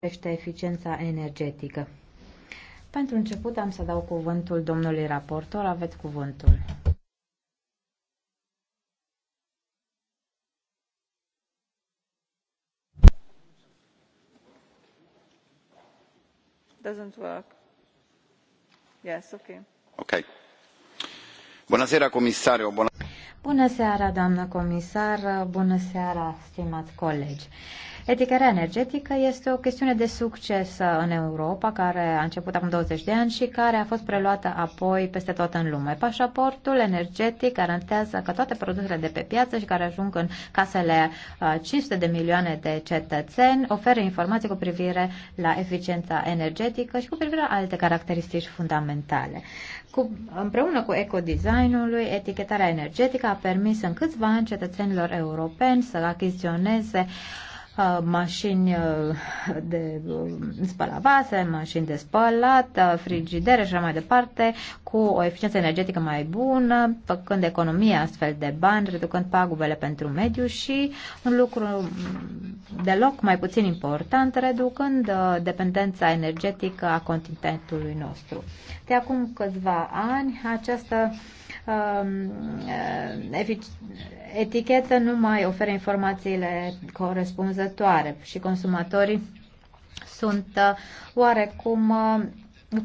privește eficiența energetică. Pentru început am să dau cuvântul domnului raportor. Aveți cuvântul. Doesn't work. Yes, okay. Okay. Bună seara, comisario. Bună... Bună seara, doamnă comisar. Bună seara, stimați colegi. Uh, Eticarea energetică este o chestiune de succes în Europa, care a început acum 20 de ani și care a fost preluată apoi peste tot în lume. Pașaportul energetic garantează că toate produsele de pe piață și care ajung în casele 500 uh, de milioane de cetățeni oferă informații cu privire la eficiența energetică și cu privire la alte caracteristici fundamentale. Cu, împreună cu ecodesignului, etichetarea energetică a permis în câțiva ani cetățenilor europeni să achiziționeze uh, Uh, mașini uh, de uh, spălavase, mașini de spălat, frigidere și așa mai departe, cu o eficiență energetică mai bună, făcând economie astfel de bani, reducând pagubele pentru mediu și un lucru mm, deloc mai puțin important, reducând dependența energetică a continentului nostru. De acum câțiva ani, această Um, uh, etichetă nu mai oferă informațiile corespunzătoare și consumatorii sunt uh, oarecum uh,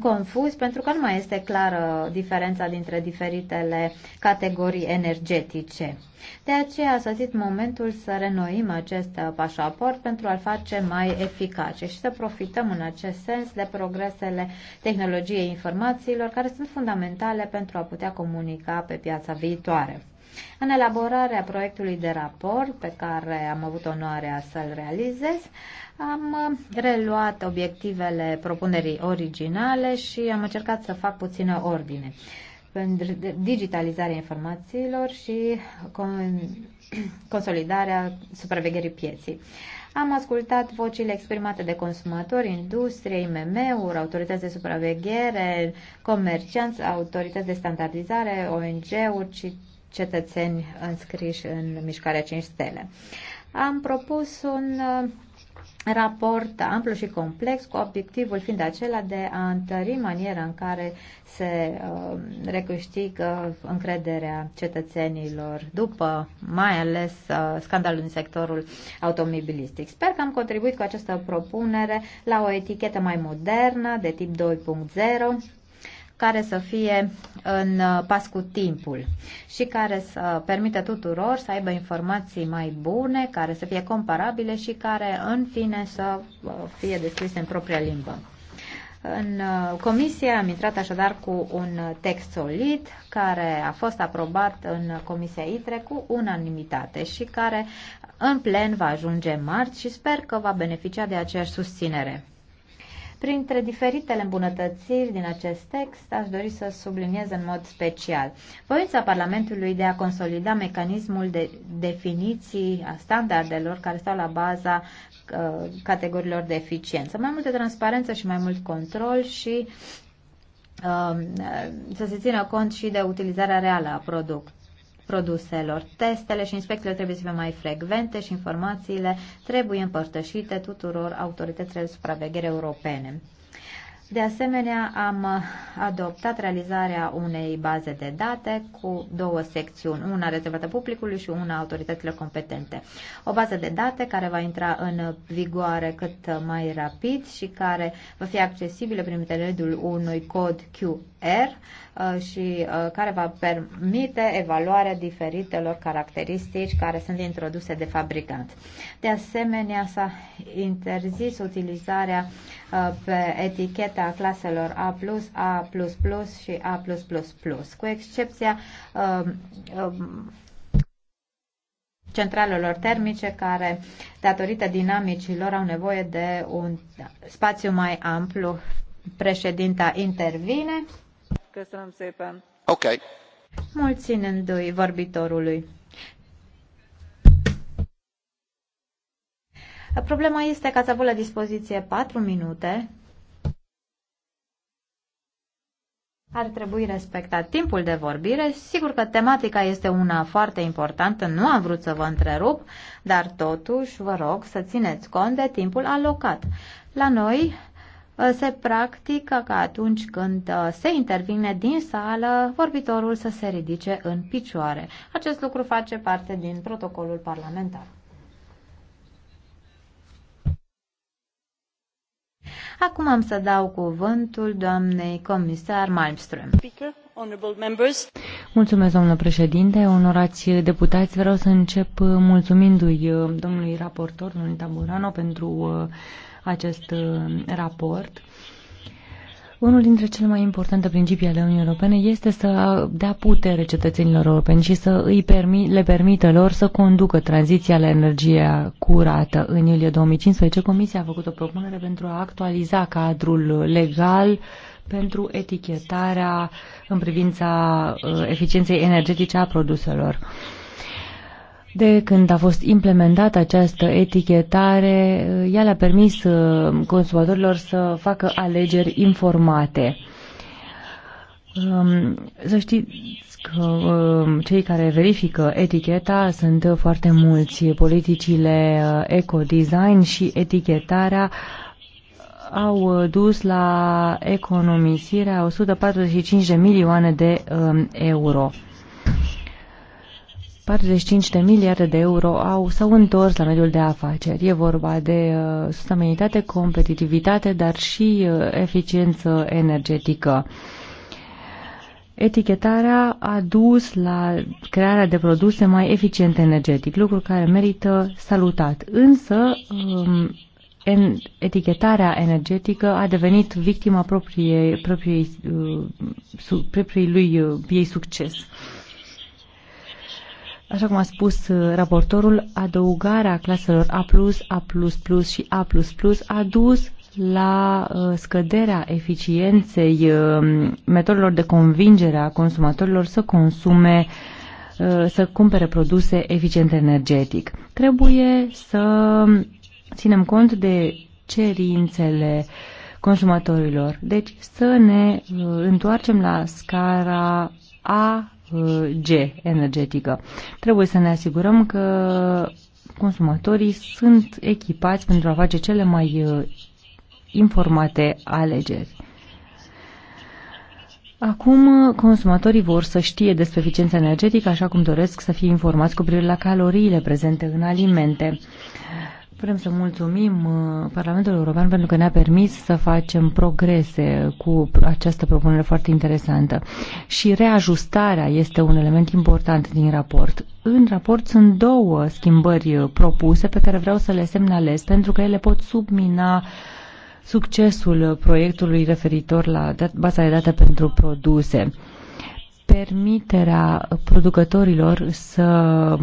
confuz pentru că nu mai este clară diferența dintre diferitele categorii energetice. De aceea a sosit momentul să renoim acest pașaport pentru a-l face mai eficace și să profităm în acest sens de progresele tehnologiei informațiilor care sunt fundamentale pentru a putea comunica pe piața viitoare. În elaborarea proiectului de raport pe care am avut onoarea să-l realizez, am reluat obiectivele propunerii originale și am încercat să fac puțină ordine pentru digitalizarea informațiilor și consolidarea supravegherii pieții. Am ascultat vocile exprimate de consumatori, industrie, IMM-uri, autorități de supraveghere, comercianți, autorități de standardizare, ONG-uri, cetățeni înscriși în mișcarea 5 stele. Am propus un uh, raport amplu și complex, cu obiectivul fiind acela de a întări maniera în care se uh, recâștigă încrederea cetățenilor după mai ales uh, scandalul în sectorul automobilistic. Sper că am contribuit cu această propunere la o etichetă mai modernă de tip 2.0 care să fie în uh, pas cu timpul și care să permită tuturor să aibă informații mai bune, care să fie comparabile și care, în fine, să uh, fie descrise în propria limbă. În uh, comisie am intrat așadar cu un text solid care a fost aprobat în comisia ITRE cu unanimitate și care în plen va ajunge marți și sper că va beneficia de aceeași susținere. Printre diferitele îmbunătățiri din acest text, aș dori să subliniez în mod special voința Parlamentului de a consolida mecanismul de definiții a standardelor care stau la baza uh, categoriilor de eficiență, mai multă transparență și mai mult control și uh, să se țină cont și de utilizarea reală a produsului produselor. Testele și inspecțiile trebuie să fie mai frecvente și informațiile trebuie împărtășite tuturor autorităților de supraveghere europene. De asemenea, am adoptat realizarea unei baze de date cu două secțiuni, una rezervată publicului și una autorităților competente. O bază de date care va intra în vigoare cât mai rapid și care va fi accesibilă prin intermediul unui cod QR uh, și uh, care va permite evaluarea diferitelor caracteristici care sunt introduse de fabricant. De asemenea, s-a interzis utilizarea Uh, pe eticheta claselor A+, A++ și A++++, cu excepția um, um, centralelor termice care, datorită dinamicilor, au nevoie de un spațiu mai amplu. Președinta intervine. Ok. Mulținându-i vorbitorului. Problema este că ați avut la dispoziție 4 minute. Ar trebui respectat timpul de vorbire. Sigur că tematica este una foarte importantă, nu am vrut să vă întrerup, dar totuși vă rog să țineți cont de timpul alocat. La noi ă, se practică ca atunci când ă, se intervine din sală, vorbitorul să se ridice în picioare. Acest lucru face parte din protocolul parlamentar. Acum am să dau cuvântul doamnei comisar Malmström. Mulțumesc, domnule președinte, onorați deputați. Vreau să încep uh, mulțumindu-i uh, domnului raportor, domnului Taburano, pentru uh, acest raport. Unul dintre cele mai importante principii ale Uniunii Europene este să dea putere cetățenilor europeni și să îi permi, le permită lor să conducă tranziția la energie curată. În iulie 2015, Comisia a făcut o propunere pentru a actualiza cadrul legal pentru etichetarea în privința uh, eficienței energetice a produselor. De când a fost implementată această etichetare, ea le-a permis uh, consumatorilor să facă alegeri informate. Um, să știți că um, cei care verifică eticheta sunt foarte mulți. Politicile uh, ecodesign și etichetarea au uh, dus la economisirea 145 de milioane de um, euro. 45 de miliarde de euro au, s-au întors la mediul de afaceri. E vorba de uh, sustenabilitate, competitivitate, dar și uh, eficiență energetică. Etichetarea a dus la crearea de produse mai eficiente energetic, lucru care merită salutat. Însă, um, en, etichetarea energetică a devenit victima propriei, propriei, uh, su, propriei lui uh, ei succes. Uh, Așa cum a spus uh, raportorul, adăugarea claselor A+, A++, și A++ a dus la uh, scăderea eficienței uh, metodelor de convingere a consumatorilor să consume să cumpere produse eficiente energetic. Trebuie să ținem cont de cerințele consumatorilor. Deci să ne întoarcem la scara A G energetică. Trebuie să ne asigurăm că consumatorii sunt echipați pentru a face cele mai uh, informate alegeri. Acum, consumatorii vor să știe despre eficiența energetică, așa cum doresc să fie informați cu privire la caloriile prezente în alimente. Vrem să mulțumim uh, Parlamentul European pentru că ne-a permis să facem progrese cu această propunere foarte interesantă. Și reajustarea este un element important din raport. În raport sunt două schimbări propuse pe care vreau să le semnalez pentru că ele pot submina succesul proiectului referitor la baza de date pentru produse permiterea producătorilor să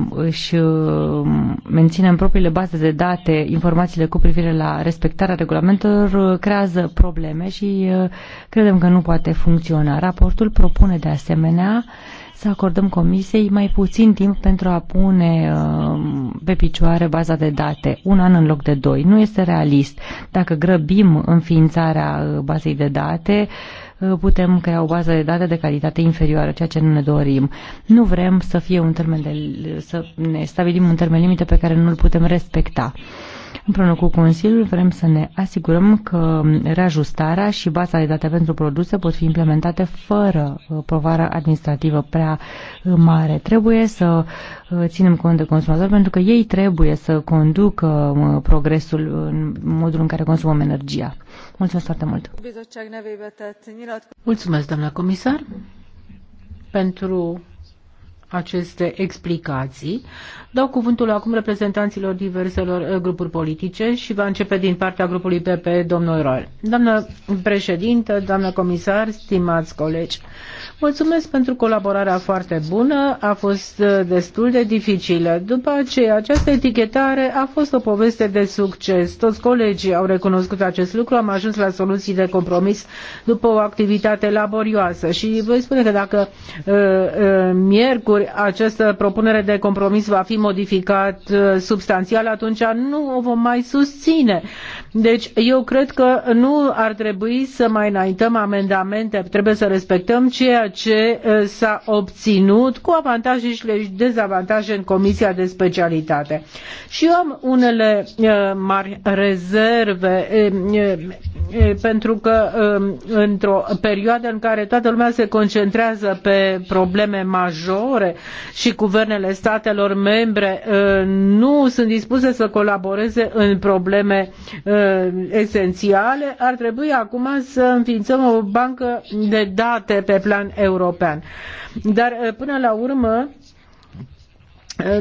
își uh, mențină în propriile baze de date informațiile cu privire la respectarea regulamentelor uh, creează probleme și uh, credem că nu poate funcționa. Raportul propune de asemenea să acordăm comisiei mai puțin timp pentru a pune pe picioare baza de date, un an în loc de doi. Nu este realist. Dacă grăbim înființarea bazei de date, putem crea o bază de date de calitate inferioară, ceea ce nu ne dorim. Nu vrem să fie un termen de, să ne stabilim un termen limite pe care nu-l putem respecta. Împreună cu Consiliul vrem să ne asigurăm că reajustarea și baza de date pentru produse pot fi implementate fără uh, povară administrativă prea uh, mare. Trebuie să uh, ținem cont de consumator, pentru că ei trebuie să conducă progresul în modul în care consumăm energia. Mulțumesc foarte mult! Mulțumesc, doamna comisar, pentru aceste explicații. Dau cuvântul acum reprezentanților diverselor uh, grupuri politice și va începe din partea grupului PP domnul Roel. Doamnă președintă, doamnă comisar, stimați colegi, mulțumesc pentru colaborarea foarte bună, a fost uh, destul de dificilă. După aceea, această etichetare a fost o poveste de succes. Toți colegii au recunoscut acest lucru, am ajuns la soluții de compromis după o activitate laborioasă și voi spune că dacă uh, uh, miercuri ori această propunere de compromis va fi modificat uh, substanțial, atunci nu o vom mai susține. Deci eu cred că nu ar trebui să mai înaintăm amendamente, trebuie să respectăm ceea ce uh, s-a obținut cu avantaje și dezavantaje în Comisia de Specialitate. Și eu am unele uh, mari rezerve pentru că um, într-o perioadă în care toată lumea se concentrează pe probleme majore, și guvernele statelor membre uh, nu sunt dispuse să colaboreze în probleme uh, esențiale, ar trebui acum să înființăm o bancă de date pe plan european. Dar uh, până la urmă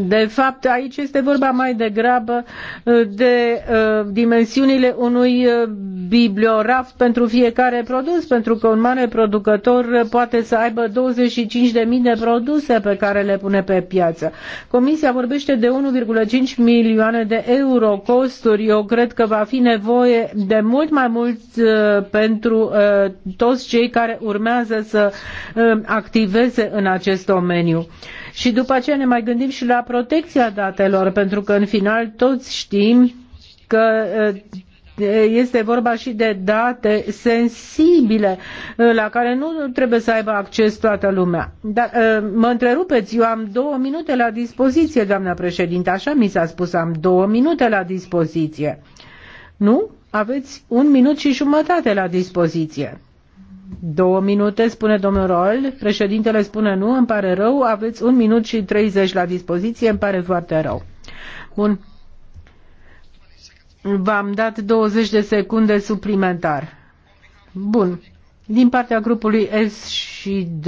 de fapt, aici este vorba mai degrabă uh, de uh, dimensiunile unui uh, biblioraf pentru fiecare produs, pentru că un mare producător uh, poate să aibă 25.000 de produse pe care le pune pe piață. Comisia vorbește de 1,5 milioane de euro costuri. Eu cred că va fi nevoie de mult mai mult uh, pentru uh, toți cei care urmează să activeze în acest domeniu. Uh, și după aceea ne mai gândim și la protecția datelor, pentru că în final toți știm că eh, este vorba și de date sensibile eh, la care nu trebuie să aibă acces toată lumea. Dar eh, mă întrerupeți, eu am două minute la dispoziție, doamna președinte, așa mi s-a spus, am două minute la dispoziție. Nu? Aveți un minut și jumătate la dispoziție. Două minute, spune domnul Rol. Președintele spune nu, îmi pare rău, aveți un minut și 30 la dispoziție, îmi pare foarte rău. Bun. V-am dat 20 de secunde suplimentar. Bun. Din partea grupului S și D,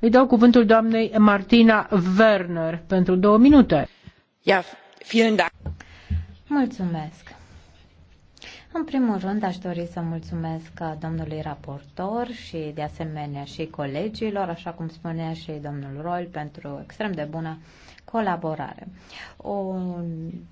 îi dau cuvântul doamnei Martina Werner pentru două minute. Ia, vielen Dank. Mulțumesc. În primul rând, aș dori să mulțumesc domnului raportor și, de asemenea, și colegilor, așa cum spunea și domnul Roy, pentru extrem de bună colaborare. O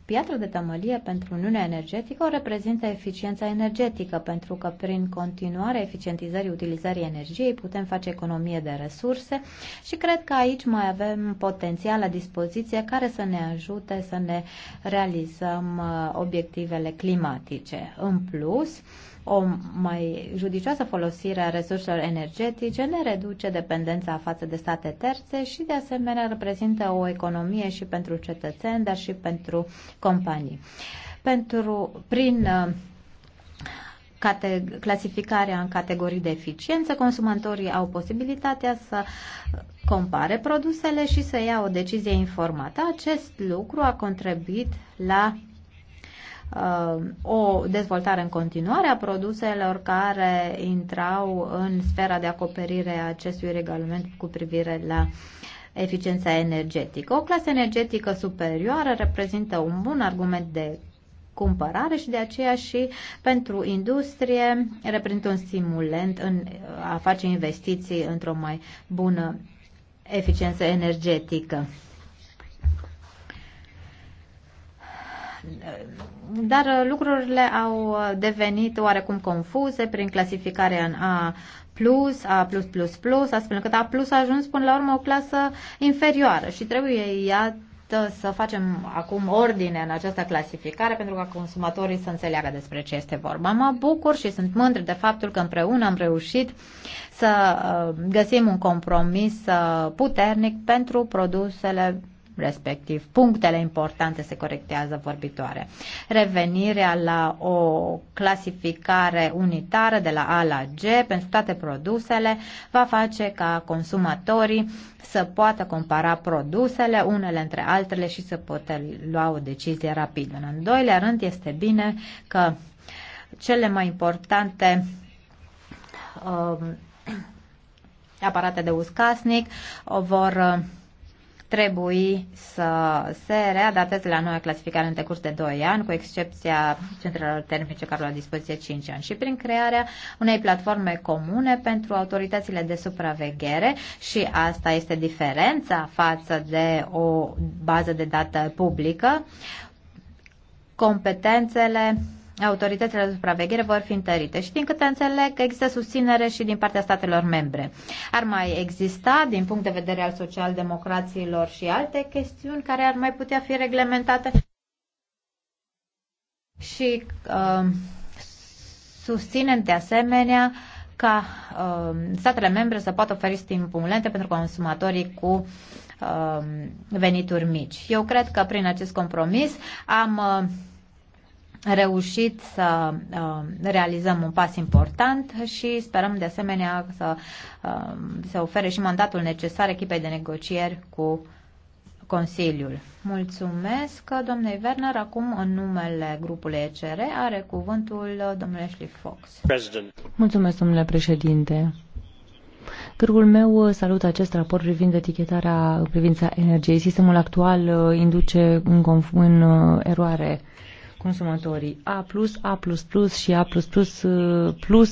piatră de tămălie pentru Uniunea Energetică o reprezintă eficiența energetică, pentru că prin continuarea eficientizării utilizării energiei putem face economie de resurse și cred că aici mai avem potențial la dispoziție care să ne ajute să ne realizăm uh, obiectivele climatice. În plus, o mai judicioasă folosire a resurselor energetice ne reduce dependența față de state terțe și de asemenea reprezintă o economie și pentru cetățeni, dar și pentru companii. Pentru, prin uh, cate, clasificarea în categorii de eficiență, consumatorii au posibilitatea să compare produsele și să ia o decizie informată. Acest lucru a contribuit la Uh, o dezvoltare în continuare a produselor care intrau în sfera de acoperire a acestui regulament cu privire la eficiența energetică. O clasă energetică superioară reprezintă un bun argument de cumpărare și de aceea și pentru industrie reprezintă un stimulent în a face investiții într-o mai bună eficiență energetică. Dar uh, lucrurile au uh, devenit oarecum confuze prin clasificarea în A+, plus, A+++, astfel încât A+, a ajuns până la urmă o clasă inferioară și trebuie ea să facem acum ordine în această clasificare pentru ca consumatorii să înțeleagă despre ce este vorba. Mă bucur și sunt mândră de faptul că împreună am reușit să uh, găsim un compromis puternic pentru produsele respectiv punctele importante se corectează vorbitoare. Revenirea la o clasificare unitară de la A la G pentru toate produsele va face ca consumatorii să poată compara produsele unele între altele și să poată lua o decizie rapidă. În doilea rând este bine că cele mai importante um, aparate de uscasnic vor trebui să se readapteze la noua clasificare în decurs de 2 ani, cu excepția centrelor termice care au la dispoziție 5 ani, și prin crearea unei platforme comune pentru autoritățile de supraveghere și asta este diferența față de o bază de dată publică, competențele autoritățile de supraveghere vor fi întărite și din câte înțeleg există susținere și din partea statelor membre. Ar mai exista din punct de vedere al socialdemocrațiilor și alte chestiuni care ar mai putea fi reglementate și uh, susținem de asemenea ca uh, statele membre să poată oferi stimulente pentru consumatorii cu uh, venituri mici. Eu cred că prin acest compromis am uh, reușit să uh, realizăm un pas important și sperăm de asemenea să uh, se ofere și mandatul necesar echipei de negocieri cu Consiliul. Mulțumesc, domnule Werner. Acum, în numele grupului ECR, are cuvântul domnule Ashley Fox. President. Mulțumesc, domnule președinte. Grupul meu salută acest raport privind etichetarea în privința energiei. Sistemul actual uh, induce în, în eroare consumatorii. A+, A++ și A++++ plus uh, uh,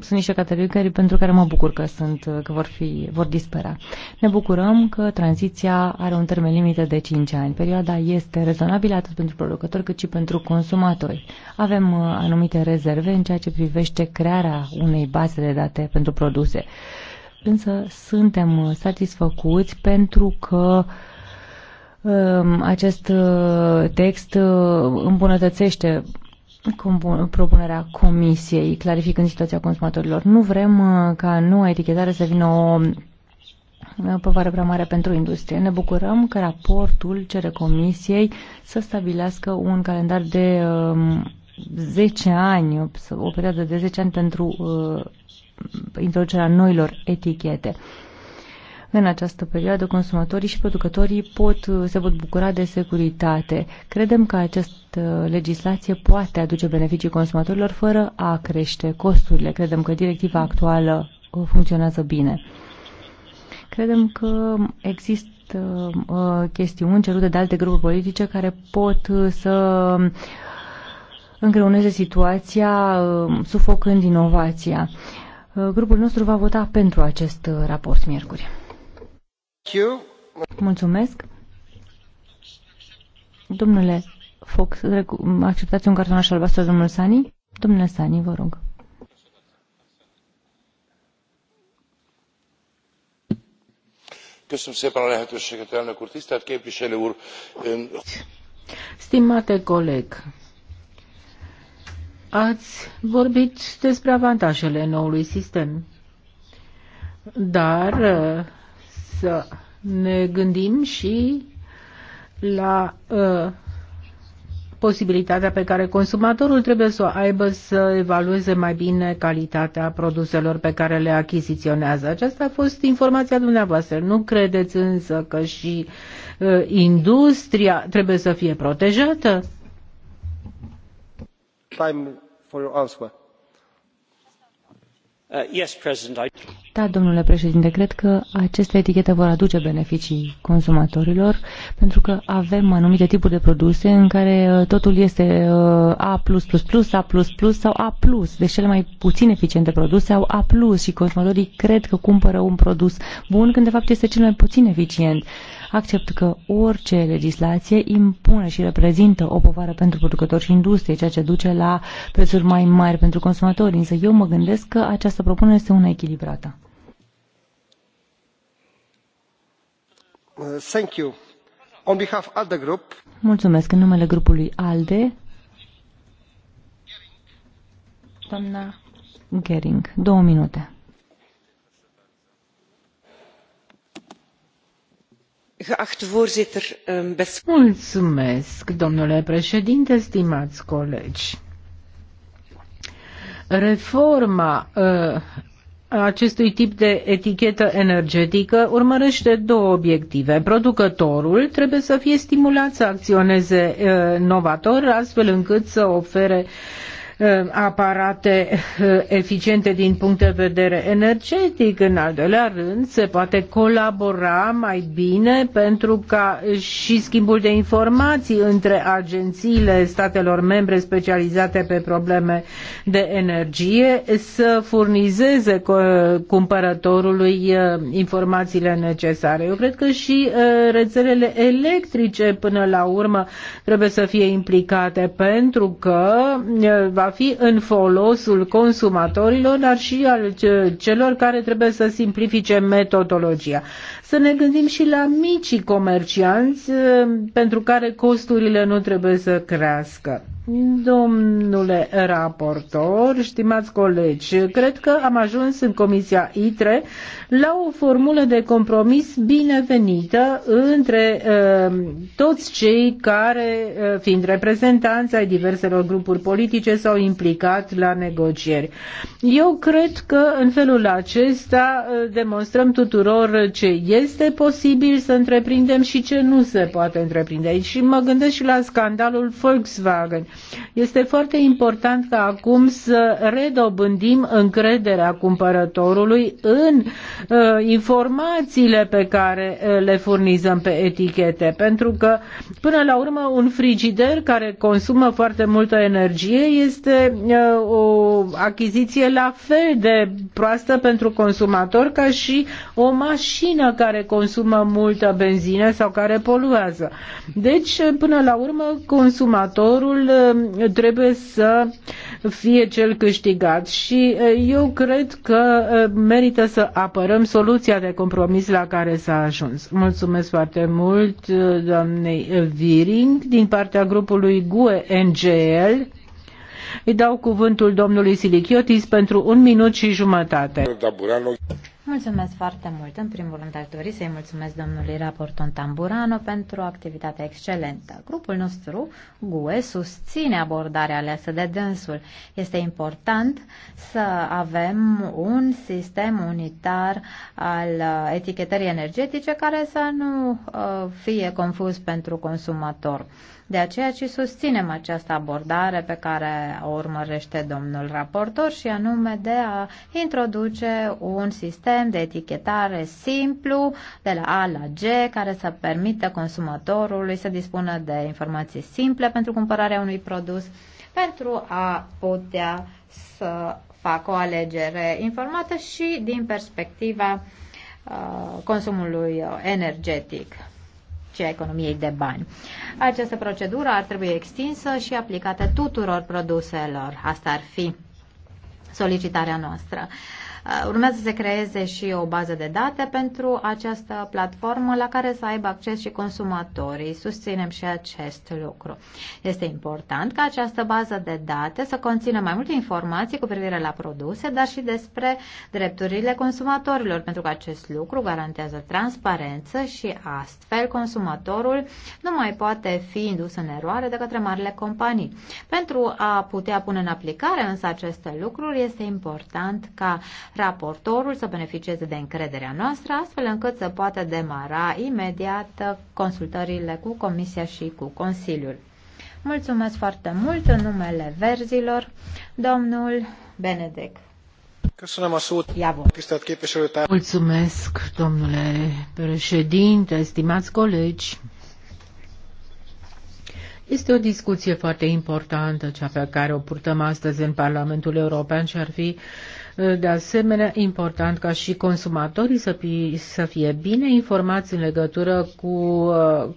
sunt niște categorii pentru care mă bucur că sunt uh, că vor fi vor dispera. Ne bucurăm că tranziția are un termen limită de 5 ani. Perioada este rezonabilă atât pentru producători cât și pentru consumatori. Avem anumite rezerve în ceea ce privește crearea unei baze de date pentru produse. Însă suntem satisfăcuți pentru că uh, Ehm, acest uh, text uh, îmbunătățește propunerea comisiei, clarificând situația consumatorilor. Nu vrem uh, ca noua etichetare să vină o povară prea mare pentru industrie. Ne bucurăm că raportul cere comisiei să stabilească un calendar de 10 um, ani, o perioadă de 10 ani pentru introducerea noilor etichete. În această perioadă, consumatorii și producătorii pot, uh, se pot bucura de securitate. Credem că această legislație poate aduce beneficii consumatorilor fără a crește costurile. Credem că directiva actuală uh, funcționează bine. Credem că există uh, chestiuni cerute de alte grupuri politice care pot să îngreuneze situația sufocând inovația. Grupul nostru va vota pentru acest raport miercuri. Mulțumesc. Domnule Fox, acceptați un cartonaș albastru, domnul Sani? Domnule Sani, vă rog. Stimate coleg, ați vorbit despre avantajele noului sistem, dar să ne gândim și la uh, posibilitatea pe care consumatorul trebuie să o aibă să evalueze mai bine calitatea produselor pe care le achiziționează. Aceasta a fost informația dumneavoastră. Nu credeți însă că și uh, industria trebuie să fie protejată? Time for your answer. Uh, da, domnule președinte, cred că aceste etichete vor aduce beneficii consumatorilor, pentru că avem anumite tipuri de produse în care uh, totul este uh, A++, A++ sau A+. Deci cele mai puțin eficiente produse au A+, și consumatorii cred că cumpără un produs bun, când de fapt este cel mai puțin eficient. Accept că orice legislație impune și reprezintă o povară pentru producători și industrie, ceea ce duce la prețuri mai mari pentru consumatori, însă eu mă gândesc că această propunere este una echilibrată. Uh, thank you. On behalf the Group. Mulțumesc. În numele grupului ALDE, doamna Gering, două minute. Ehm, Mulțumesc, domnule președinte, stimați colegi. Reforma ă, acestui tip de etichetă energetică urmărește două obiective. Producătorul trebuie să fie stimulat să acționeze uh, ă, novator, astfel încât să ofere uh, Uh, aparate uh, eficiente din punct de vedere energetic. În al doilea rând, se poate colabora mai bine pentru ca și schimbul de informații între agențiile statelor membre specializate pe probleme de energie să furnizeze cumpărătorului uh, informațiile necesare. Eu cred că și rețelele electrice până la urmă trebuie să fie implicate pentru că va fi în folosul consumatorilor, dar și al celor care trebuie să simplifice metodologia să ne gândim și la micii comercianți eh, pentru care costurile nu trebuie să crească. Domnule raportor, stimați colegi, cred că am ajuns în Comisia ITRE la o formulă de compromis binevenită între uh, toți cei care, uh, fiind reprezentanți ai diverselor grupuri politice, s-au implicat la negocieri. Eu cred că în felul acesta uh, demonstrăm tuturor ce este este posibil să întreprindem și ce nu se poate întreprinde. Aici și mă gândesc și la scandalul Volkswagen. Este foarte important ca acum să redobândim încrederea cumpărătorului în uh, informațiile pe care uh, le furnizăm pe etichete, pentru că până la urmă un frigider care consumă foarte multă energie este uh, o achiziție la fel de proastă pentru consumator ca și o mașină care care consumă multă benzină sau care poluează. Deci, până la urmă, consumatorul uh, trebuie să fie cel câștigat și uh, eu cred că uh, merită să apărăm soluția de compromis la care s-a ajuns. Mulțumesc foarte mult doamnei Viring din partea grupului GUE NGL. Îi dau cuvântul domnului Silichiotis pentru un minut și jumătate. Mulțumesc foarte mult. În primul rând aș dori să-i mulțumesc domnului raporton Tamburano pentru activitatea excelentă. Grupul nostru, GUE, susține abordarea aleasă de dânsul. Este important să avem un sistem unitar al uh, etichetării energetice care să nu uh, fie confuz pentru consumator. De aceea și susținem această abordare pe care o urmărește domnul raportor și anume de a introduce un sistem sistem de etichetare simplu de la A la G care să permită consumatorului să dispună de informații simple pentru cumpărarea unui produs pentru a putea să facă o alegere informată și din perspectiva uh, consumului energetic și a economiei de bani. Această procedură ar trebui extinsă și aplicată tuturor produselor. Asta ar fi solicitarea noastră. Uh, Uh, urmează să se creeze și o bază de date pentru această platformă la care să aibă acces și consumatorii. Susținem și acest lucru. Este important ca această bază de date să conțină mai multe informații cu privire la produse, dar și despre drepturile consumatorilor, pentru că acest lucru garantează transparență și astfel consumatorul nu mai poate fi indus în eroare de către marile companii. Pentru a putea pune în aplicare însă aceste lucruri, este important ca raportorul să beneficieze de încrederea noastră, astfel încât să poată demara imediat consultările cu Comisia și cu Consiliul. Mulțumesc foarte mult în numele verzilor, domnul Benedec. Mulțumesc, domnule președinte, stimați colegi. Este o discuție foarte importantă, cea pe care o purtăm astăzi în Parlamentul European și ar fi de asemenea important ca și consumatorii să, fie, să fie bine informați în legătură cu uh,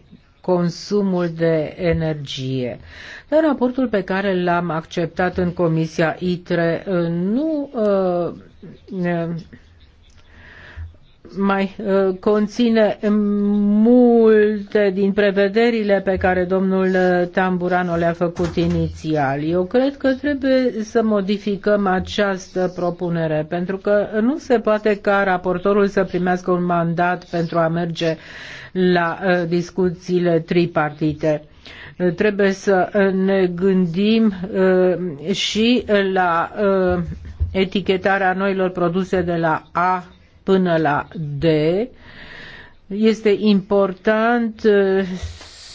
consumul de energie. Dar raportul pe care l-am acceptat în Comisia ITRE uh, nu uh, mai uh, conține multe din prevederile pe care domnul uh, Tamburano le-a făcut inițial. Eu cred că trebuie să modificăm această propunere, pentru că nu se poate ca raportorul să primească un mandat pentru a merge la uh, discuțiile tripartite trebuie să ne gândim și la etichetarea noilor produse de la A până la D. Este important uh,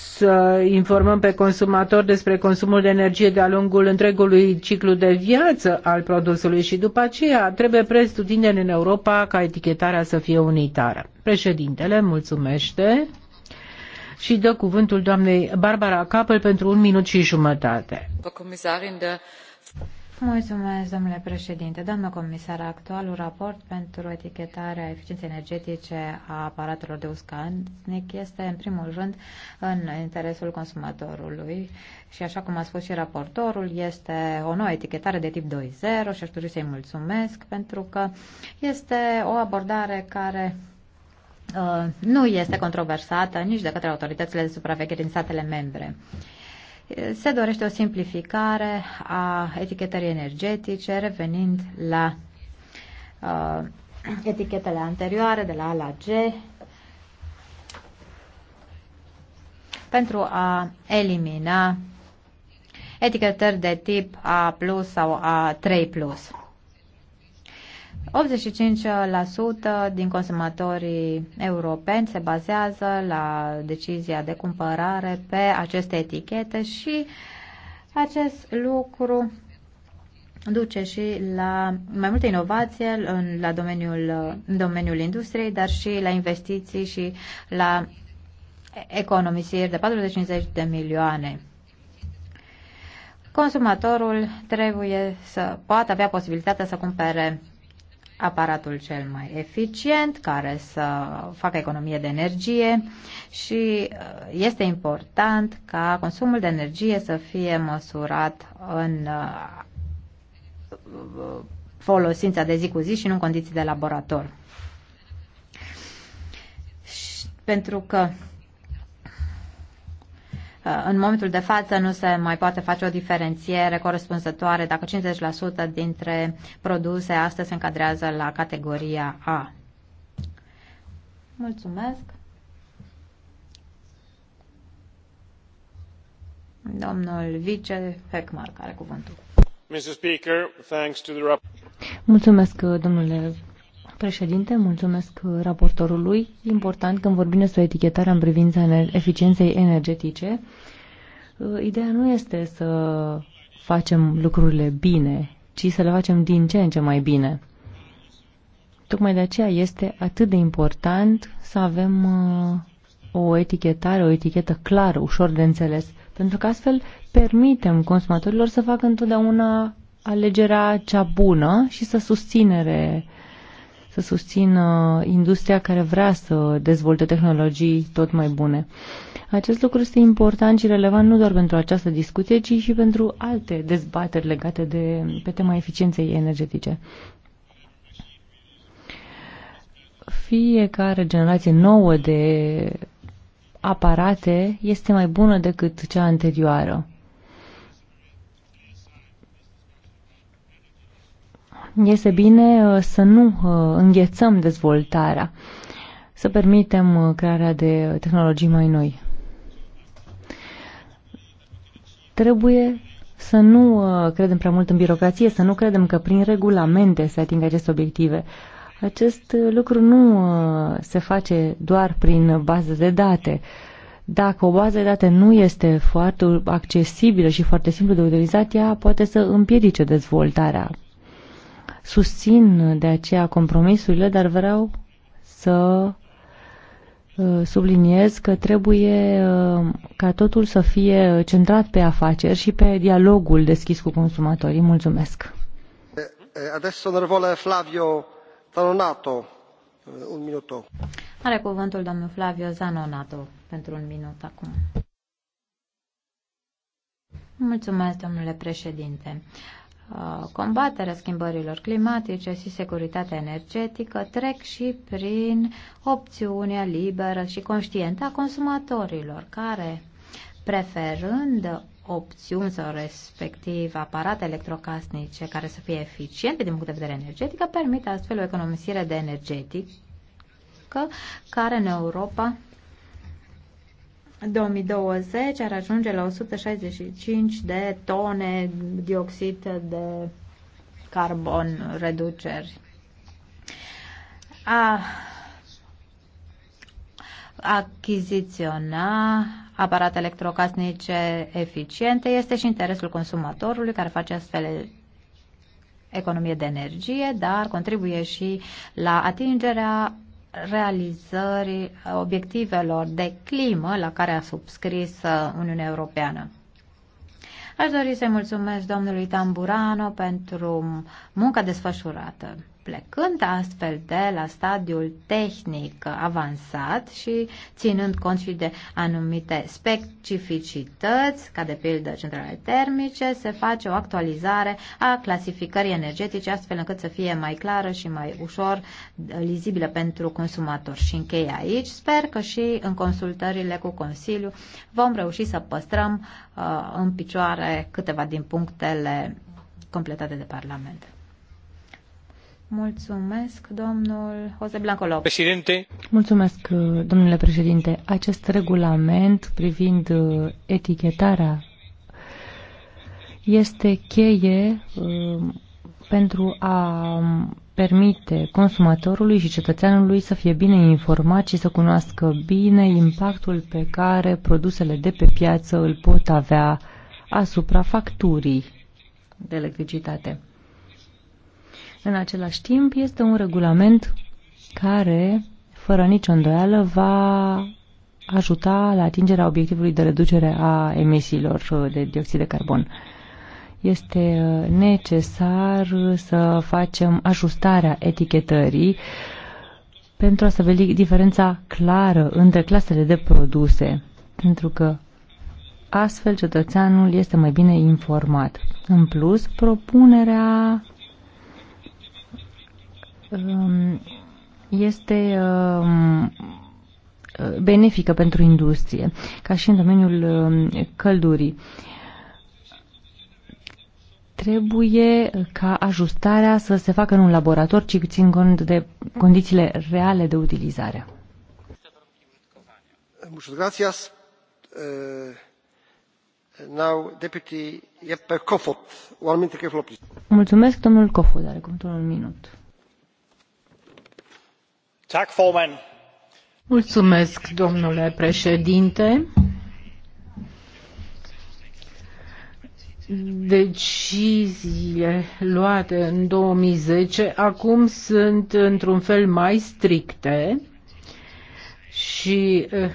să informăm pe consumator despre consumul de energie de-a lungul întregului ciclu de viață al produsului și după aceea trebuie prestutindeni în Europa ca etichetarea să fie unitară. Președintele mulțumește și dă cuvântul doamnei Barbara Capel pentru un minut și jumătate. Mulțumesc, domnule președinte. Doamnă comisar, actualul raport pentru etichetarea eficienței energetice a aparatelor de uscanic este, în primul rând, în interesul consumatorului și, așa cum a spus și raportorul, este o nouă etichetare de tip 2.0 și aș dori să-i mulțumesc pentru că este o abordare care uh, nu este controversată nici de către autoritățile de supraveghere din statele membre. Uh, se dorește o simplificare a etichetării energetice, revenind la uh, etichetele anterioare, de la A la G, pentru a elimina etichetări de tip A plus sau A3 plus. 85% din consumatorii europeni se bazează la decizia de cumpărare pe aceste etichete și acest lucru duce și la mai multe inovație în, la domeniul, în domeniul industriei, dar și la investiții și la economisiri de 40-50 de milioane. Consumatorul trebuie să poată avea posibilitatea să cumpere aparatul cel mai eficient, care să facă economie de energie și uh, este important ca consumul de energie să fie măsurat în uh, uh, folosința de zi cu zi și nu în condiții de laborator. Și pentru că Uh, în momentul de față nu se mai poate face o diferențiere corespunzătoare dacă 50% dintre produse astăzi se încadrează la categoria A. Mulțumesc. Domnul vice care are cuvântul. Mr. Speaker, thanks to the Mulțumesc, domnule Președinte, mulțumesc raportorului. Important când vorbim despre etichetarea în privința eficienței energetice, uh, ideea nu este să facem lucrurile bine, ci să le facem din ce în ce mai bine. Tocmai de aceea este atât de important să avem uh, o etichetare, o etichetă clară, ușor de înțeles, pentru că astfel permitem consumatorilor să facă întotdeauna alegerea cea bună și să susținere uh, să susțină industria care vrea să dezvolte tehnologii tot mai bune. Acest lucru este important și relevant nu doar pentru această discuție, ci și pentru alte dezbateri legate de, pe tema eficienței energetice. Fiecare generație nouă de aparate este mai bună decât cea anterioară. Este bine uh, să nu uh, înghețăm dezvoltarea, să permitem uh, crearea de tehnologii mai noi. Trebuie să nu credem prea mult în birocrație, să nu credem că prin regulamente se ating aceste obiective. Acest lucru nu se face doar prin bază de date. Dacă o bază de date nu este foarte accesibilă și foarte simplu de utilizat, ea poate să împiedice dezvoltarea Susțin uh, de aceea compromisurile, dar vreau să uh, subliniez că trebuie uh, ca totul să fie centrat pe afaceri și pe dialogul deschis cu consumatorii. Mulțumesc. Adesso onorevole Flavio Zanonato, un minut. Are cuvântul domnul Flavio Zanonato pentru un minut acum. Mulțumesc, domnule președinte. Uh, combaterea schimbărilor climatice și securitatea energetică trec și prin opțiunea liberă și conștientă a consumatorilor, care, preferând opțiuni sau respectiv aparate electrocasnice care să fie eficiente din punct de vedere energetic, permit astfel o economisire de energetică care în Europa 2020 ar ajunge la 165 de tone dioxid de carbon reduceri. A achiziționa aparate electrocasnice eficiente este și interesul consumatorului care face astfel economie de energie, dar contribuie și la atingerea realizării obiectivelor de climă la care a subscris uh, Uniunea Europeană. Aș dori să mulțumesc domnului Tamburano pentru munca desfășurată. Plecând astfel de la stadiul tehnic avansat și ținând cont și de anumite specificități, ca de pildă centrale termice, se face o actualizare a clasificării energetice astfel încât să fie mai clară și mai ușor lizibilă pentru consumator. Și încheie aici. Sper că și în consultările cu Consiliu vom reuși să păstrăm uh, în picioare câteva din punctele completate de Parlament. Mulțumesc, domnul Jose Blanco López. Președinte. Mulțumesc, domnule președinte. Acest regulament privind uh, etichetarea este cheie uh, pentru a um, permite consumatorului și cetățeanului să fie bine informat și să cunoască bine impactul pe care produsele de pe piață îl pot avea asupra facturii de electricitate. În același timp, este un regulament care, fără nicio îndoială, va ajuta la atingerea obiectivului de reducere a emisiilor de dioxid de carbon. Este uh, necesar să facem ajustarea etichetării pentru a stabili diferența clară între clasele de produse, pentru că astfel cetățeanul este mai bine informat. În plus, propunerea Um, este um, benefică pentru industrie, ca și în domeniul um, căldurii. Trebuie ca ajustarea să se facă în un laborator, ci țin cont de condițiile reale de utilizare. Mulțumesc. Eh, now, Deputy Jeppe Kofod, one minute, Mulțumesc, domnul Kofod, are cuvântul un minut Mulțumesc, domnule președinte. deciziile luate în 2010 acum sunt într-un fel mai stricte și eh,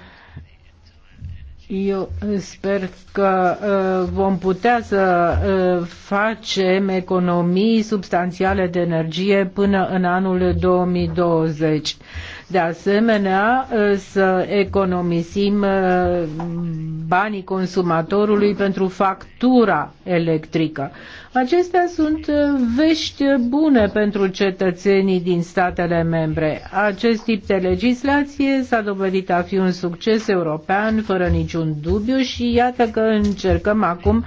eu sper că uh, vom putea să uh, facem economii substanțiale de energie până în anul 2020 de asemenea ă, să economisim ă, banii consumatorului pentru factura electrică. Acestea sunt ă, vești bune pentru cetățenii din statele membre. Acest tip de legislație s-a dovedit a fi un succes european fără niciun dubiu și iată că încercăm acum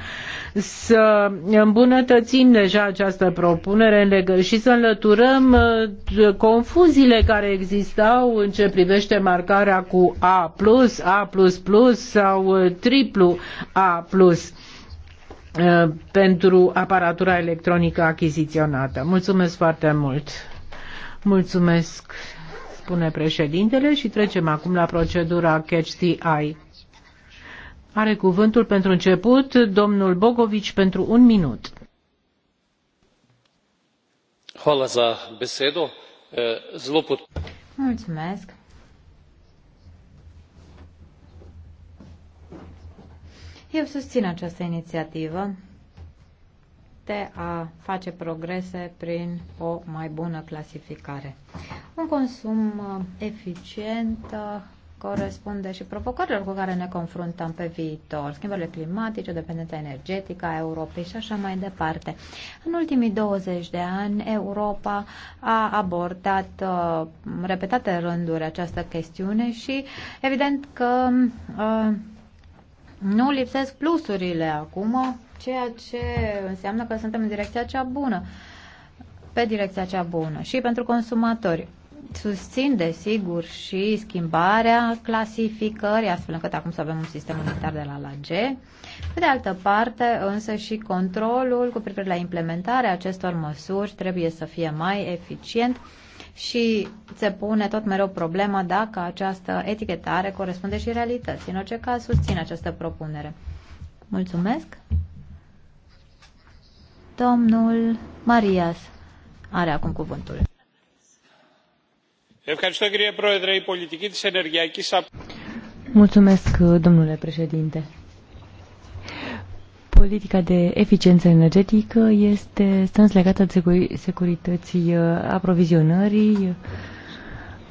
să îmbunătățim deja această propunere și să înlăturăm confuziile care existau sau în ce privește marcarea cu A+, A++ sau uh, triplu A+, uh, pentru aparatura electronică achiziționată. Mulțumesc foarte mult! Mulțumesc, spune președintele și trecem acum la procedura Catch the Eye. Are cuvântul pentru început domnul Bogovici pentru un minut. Hvala za besedo. Eh, zelo Mulțumesc. Eu susțin această inițiativă de a face progrese prin o mai bună clasificare. Un consum uh, eficient uh, corespunde și provocărilor cu care ne confruntăm pe viitor, schimbările climatice, dependența energetică a Europei și așa mai departe. În ultimii 20 de ani, Europa a abordat uh, repetate rânduri această chestiune și evident că uh, nu lipsesc plusurile acum, ceea ce înseamnă că suntem în direcția cea bună, pe direcția cea bună și pentru consumatori. Susțin, desigur, și schimbarea clasificării, astfel încât acum să avem un sistem unitar de la LAG. Pe de altă parte, însă și controlul cu privire la implementarea acestor măsuri trebuie să fie mai eficient și se pune tot mereu problema dacă această etichetare corespunde și realității. În orice caz, susțin această propunere. Mulțumesc. Domnul Marias are acum cuvântul. Mulțumesc, domnule președinte. Politica de eficiență energetică este strâns legată de securității uh, aprovizionării,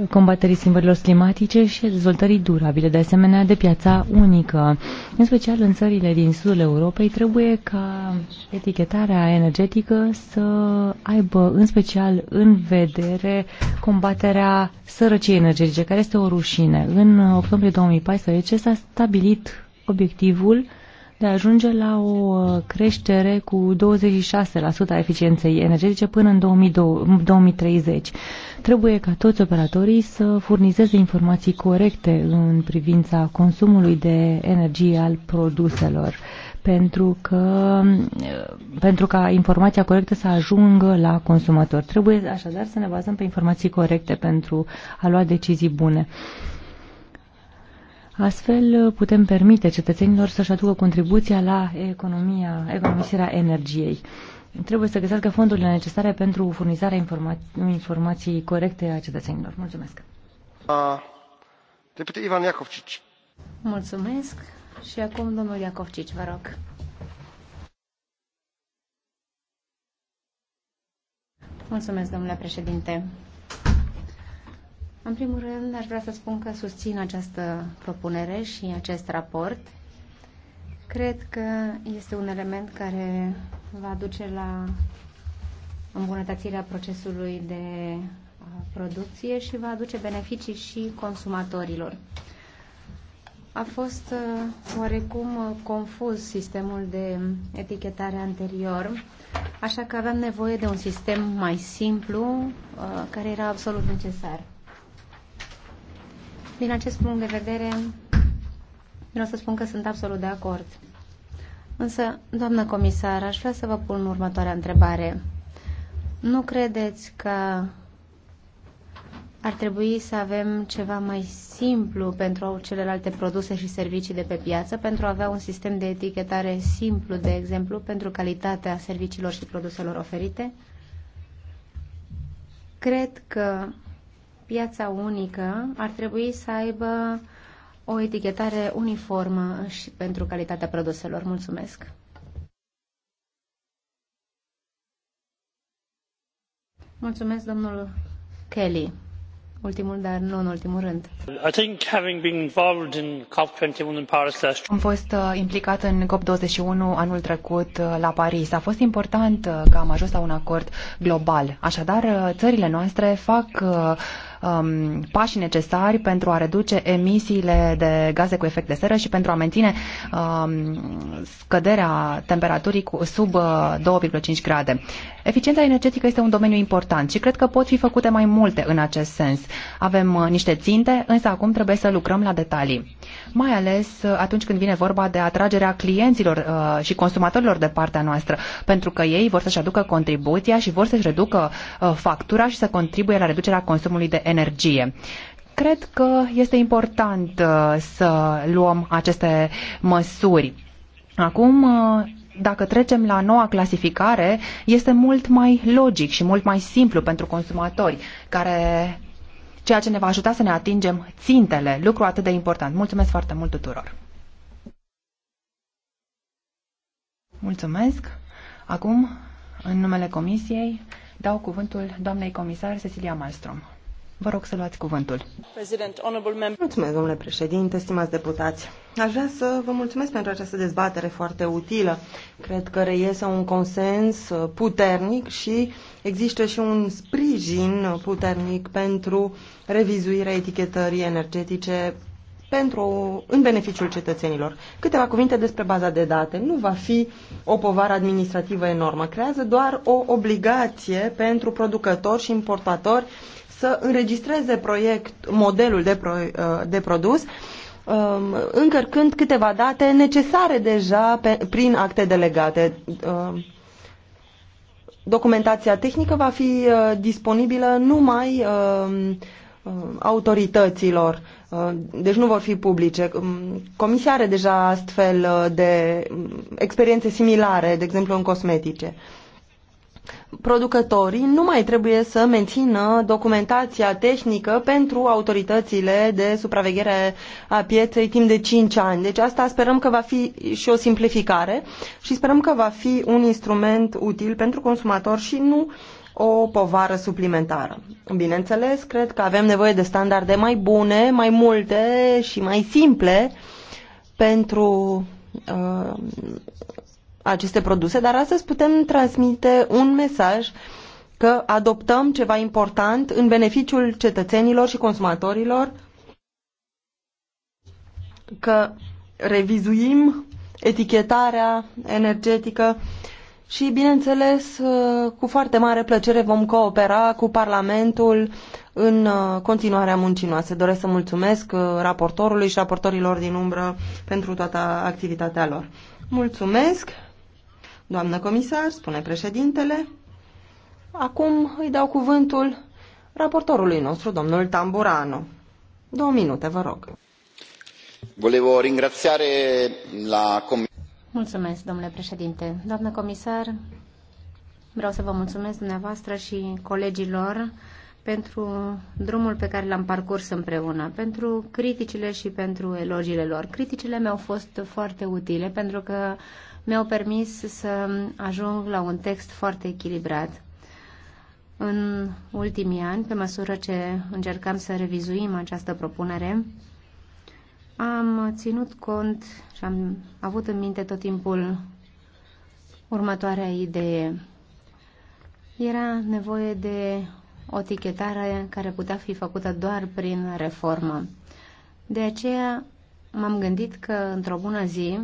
combaterii schimbărilor climatice și dezvoltării durabile, de asemenea de piața unică. În special în țările din sudul Europei trebuie ca etichetarea energetică să aibă în special în vedere combaterea sărăciei energetice, care este o rușine. În octombrie 2014 s-a stabilit obiectivul se ajunge la o uh, creștere cu 26% a eficienței energetice până în 2030. Trebuie ca toți operatorii să furnizeze informații corecte în privința consumului de energie al produselor pentru, că, uh, pentru ca informația corectă să ajungă la consumator. Trebuie așadar să ne bazăm pe informații corecte pentru a lua decizii bune. Astfel uh, putem permite cetățenilor să-și aducă contribuția la economia, economisirea energiei. Trebuie să găsească fondurile necesare pentru furnizarea informa- informației corecte a cetățenilor. Mulțumesc. Deputat Ivan Iacovcici. Mulțumesc. Și acum domnul Iacovcici, vă rog. Mulțumesc, domnule președinte. În primul rând, aș vrea să spun că susțin această propunere și acest raport. Cred că este un element care va duce la îmbunătățirea procesului de producție și va aduce beneficii și consumatorilor. A fost oarecum confuz sistemul de etichetare anterior, așa că aveam nevoie de un sistem mai simplu, care era absolut necesar. Din acest punct de vedere, vreau să spun că sunt absolut de acord. Însă, doamnă comisar, aș vrea să vă pun următoarea întrebare. Nu credeți că ar trebui să avem ceva mai simplu pentru celelalte produse și servicii de pe piață, pentru a avea un sistem de etichetare simplu, de exemplu, pentru calitatea serviciilor și produselor oferite? Cred că piața unică ar trebui să aibă o etichetare uniformă și pentru calitatea produselor. Mulțumesc! Mulțumesc, domnul Kelly. Ultimul, dar nu în ultimul rând. I think having been involved in COP21 in Paris last... Am fost uh, implicat în COP21 anul trecut uh, la Paris. A fost important uh, că am ajuns la un acord global. Așadar, țările noastre fac um, pașii necesari pentru a reduce emisiile de gaze cu efect de seră și pentru a menține um, scăderea temperaturii cu, sub uh, 2,5 grade. Eficiența energetică este un domeniu important și cred că pot fi făcute mai multe în acest sens. Avem uh, niște ținte, însă acum trebuie să lucrăm la detalii. Mai ales uh, atunci când vine vorba de atragerea clienților uh, și consumatorilor de partea noastră, pentru că ei vor să-și aducă contribuția și vor să-și reducă uh, factura și să contribuie la reducerea consumului de energie energie. Cred că este important uh, să luăm aceste măsuri. Acum uh, dacă trecem la noua clasificare, este mult mai logic și mult mai simplu pentru consumatori, care ceea ce ne va ajuta să ne atingem țintele, lucru atât de important. Mulțumesc foarte mult tuturor! Mulțumesc! Acum, în numele Comisiei, dau cuvântul doamnei comisar Cecilia Malmström. Vă rog să luați cuvântul. Mulțumesc, domnule președinte, stimați deputați. Aș vrea să vă mulțumesc pentru această dezbatere foarte utilă. Cred că reiese un consens uh, puternic și există și un sprijin puternic pentru revizuirea etichetării energetice pentru, în beneficiul cetățenilor. Câteva cuvinte despre baza de date. Nu va fi o povară administrativă enormă. Creează doar o obligație pentru producători și importatori să înregistreze proiect, modelul de, pro, uh, de produs um, încărcând câteva date necesare deja pe, prin acte delegate. Um, documentația tehnică va fi uh, disponibilă numai um, uh, autorităților, deci nu vor fi publice. Comisia are deja astfel de experiențe similare, de exemplu în cosmetice producătorii nu mai trebuie să mențină documentația tehnică pentru autoritățile de supraveghere a pieței timp de 5 ani. Deci asta sperăm că va fi și o simplificare și sperăm că va fi un instrument util pentru consumator și nu o povară suplimentară. Bineînțeles, cred că avem nevoie de standarde mai bune, mai multe și mai simple pentru uh, aceste produse, dar astăzi putem transmite un mesaj că adoptăm ceva important în beneficiul cetățenilor și consumatorilor, că revizuim etichetarea energetică și, bineînțeles, cu foarte mare plăcere vom coopera cu Parlamentul în uh, continuarea muncii noastre. Doresc să mulțumesc uh, raportorului și raportorilor din umbră pentru toată activitatea lor. Mulțumesc! Doamnă comisar, spune președintele, acum îi dau cuvântul raportorului nostru, domnul Tamburano. Două minute, vă rog. Volevo ringraziare la Mulțumesc, domnule președinte. Doamnă comisar, vreau să vă mulțumesc dumneavoastră și colegilor pentru drumul pe care l-am parcurs împreună, pentru criticile și pentru elogiile lor. Criticile mi-au fost foarte utile pentru că mi-au permis să ajung la un text foarte echilibrat. În ultimii ani, pe măsură ce încercam să revizuim această propunere, am ținut cont și am avut în minte tot timpul următoarea idee. Era nevoie de o tichetare care putea fi făcută doar prin reformă. De aceea m-am gândit că într-o bună zi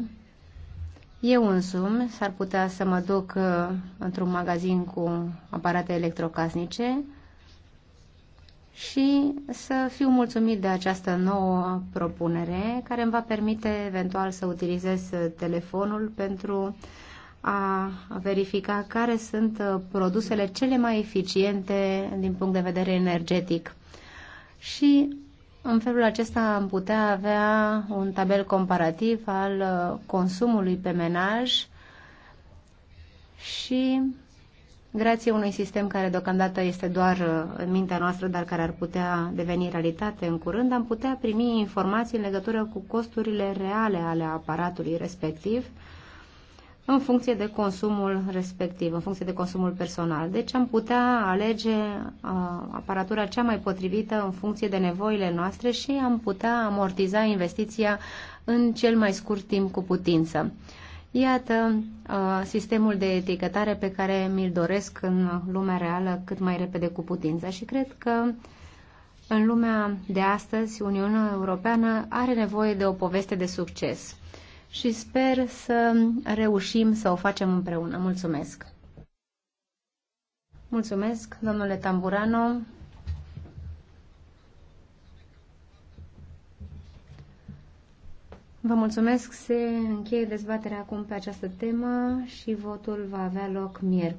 eu însumi s-ar putea să mă duc uh, într-un magazin cu aparate electrocasnice și să fiu mulțumit de această nouă propunere care îmi va permite eventual să utilizez uh, telefonul pentru a verifica care sunt uh, produsele cele mai eficiente din punct de vedere energetic. Și în felul acesta am putea avea un tabel comparativ al uh, consumului pe menaj și grație unui sistem care deocamdată este doar uh, în mintea noastră, dar care ar putea deveni realitate în curând, am putea primi informații în legătură cu costurile reale ale aparatului respectiv în funcție de consumul respectiv, în funcție de consumul personal. Deci am putea alege aparatura cea mai potrivită în funcție de nevoile noastre și am putea amortiza investiția în cel mai scurt timp cu putință. Iată sistemul de etichetare pe care mi-l doresc în lumea reală cât mai repede cu putință și cred că în lumea de astăzi, Uniunea Europeană are nevoie de o poveste de succes și sper să reușim să o facem împreună. Mulțumesc! Mulțumesc, domnule Tamburano. Vă mulțumesc, se încheie dezbaterea acum pe această temă și votul va avea loc miercuri.